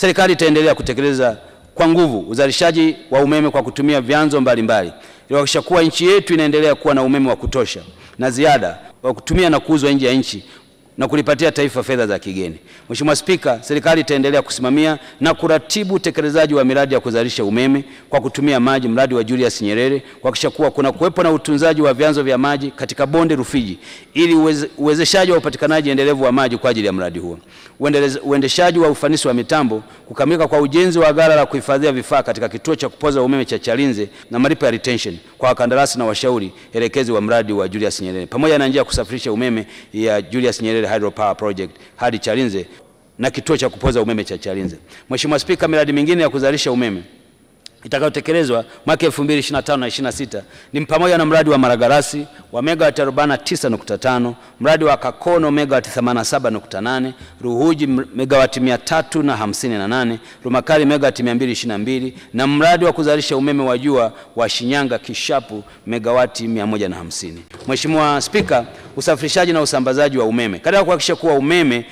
Serikali itaendelea kutekeleza kwa nguvu uzalishaji wa umeme kwa kutumia vyanzo mbalimbali ili kuhakikisha kuwa nchi yetu inaendelea kuwa na umeme wa kutosha na ziada wa kutumia na kuuzwa nje ya nchi na kulipatia taifa fedha za kigeni. Mheshimiwa Spika, serikali itaendelea kusimamia na kuratibu utekelezaji wa miradi ya kuzalisha umeme kwa kutumia maji, mradi wa Julius Nyerere, kuhakikisha kuwa kuna kuwepo na utunzaji wa vyanzo vya maji katika bonde Rufiji ili uwezeshaji wa upatikanaji endelevu wa maji kwa ajili ya mradi huo, uendeshaji wa ufanisi wa mitambo, kukamilika kwa ujenzi wa ghala la kuhifadhia vifaa katika kituo cha kupoza umeme cha Chalinze na malipo ya retention kwa wakandarasi na washauri elekezi wa mradi wa Julius Nyerere pamoja na njia ya kusafirisha umeme ya Julius Nyerere hydropower project hadi Chalinze na kituo cha kupoza umeme cha Chalinze. Mheshimiwa Spika, miradi mingine ya kuzalisha umeme itakayotekelezwa mwaka 2025 na 26 ni pamoja na mradi wa Maragarasi wa megawati 49.5, mradi wa Kakono megawati 87.8, Ruhuji megawati 358, Rumakali megawati 222 na mradi wa kuzalisha umeme wa jua wa Shinyanga Kishapu megawati 150. Mheshimiwa Spika, usafirishaji na usambazaji wa umeme katika kuhakikisha kuwa umeme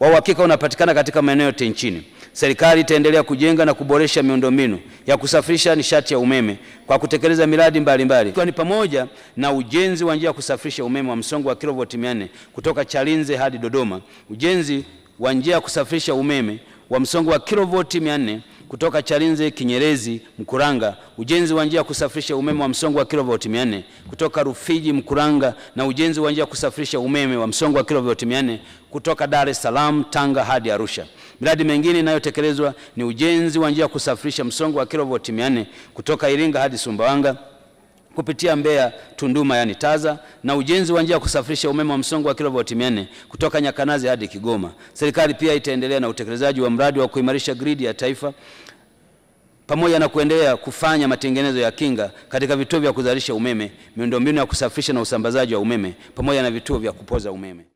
wa uhakika unapatikana katika maeneo yote nchini Serikali itaendelea kujenga na kuboresha miundombinu ya kusafirisha nishati ya umeme kwa kutekeleza miradi mbalimbali ikiwa ni pamoja na ujenzi wa njia ya kusafirisha umeme wa msongo wa kilovoti 400 kutoka Chalinze hadi Dodoma, ujenzi wa njia ya kusafirisha umeme wa msongo wa kilovoti 400 kutoka Chalinze Kinyerezi Mkuranga, ujenzi wa njia ya kusafirisha umeme wa msongo wa kilovoti 400 kutoka Rufiji Mkuranga, na ujenzi wa njia ya kusafirisha umeme wa msongo wa kilovoti 400 kutoka Dar es Salaam Tanga hadi Arusha. Miradi mingine inayotekelezwa ni ujenzi wa njia ya kusafirisha msongo wa kilovoti 400 kutoka Iringa hadi Sumbawanga kupitia Mbeya Tunduma yani Taza na ujenzi wa njia ya kusafirisha umeme wa msongo wa kilovoti 400 kutoka Nyakanazi hadi Kigoma. Serikali pia itaendelea na utekelezaji wa mradi wa kuimarisha gridi ya taifa pamoja na kuendelea kufanya matengenezo ya kinga katika vituo vya kuzalisha umeme, miundombinu ya kusafirisha na usambazaji wa umeme pamoja na vituo vya kupoza umeme.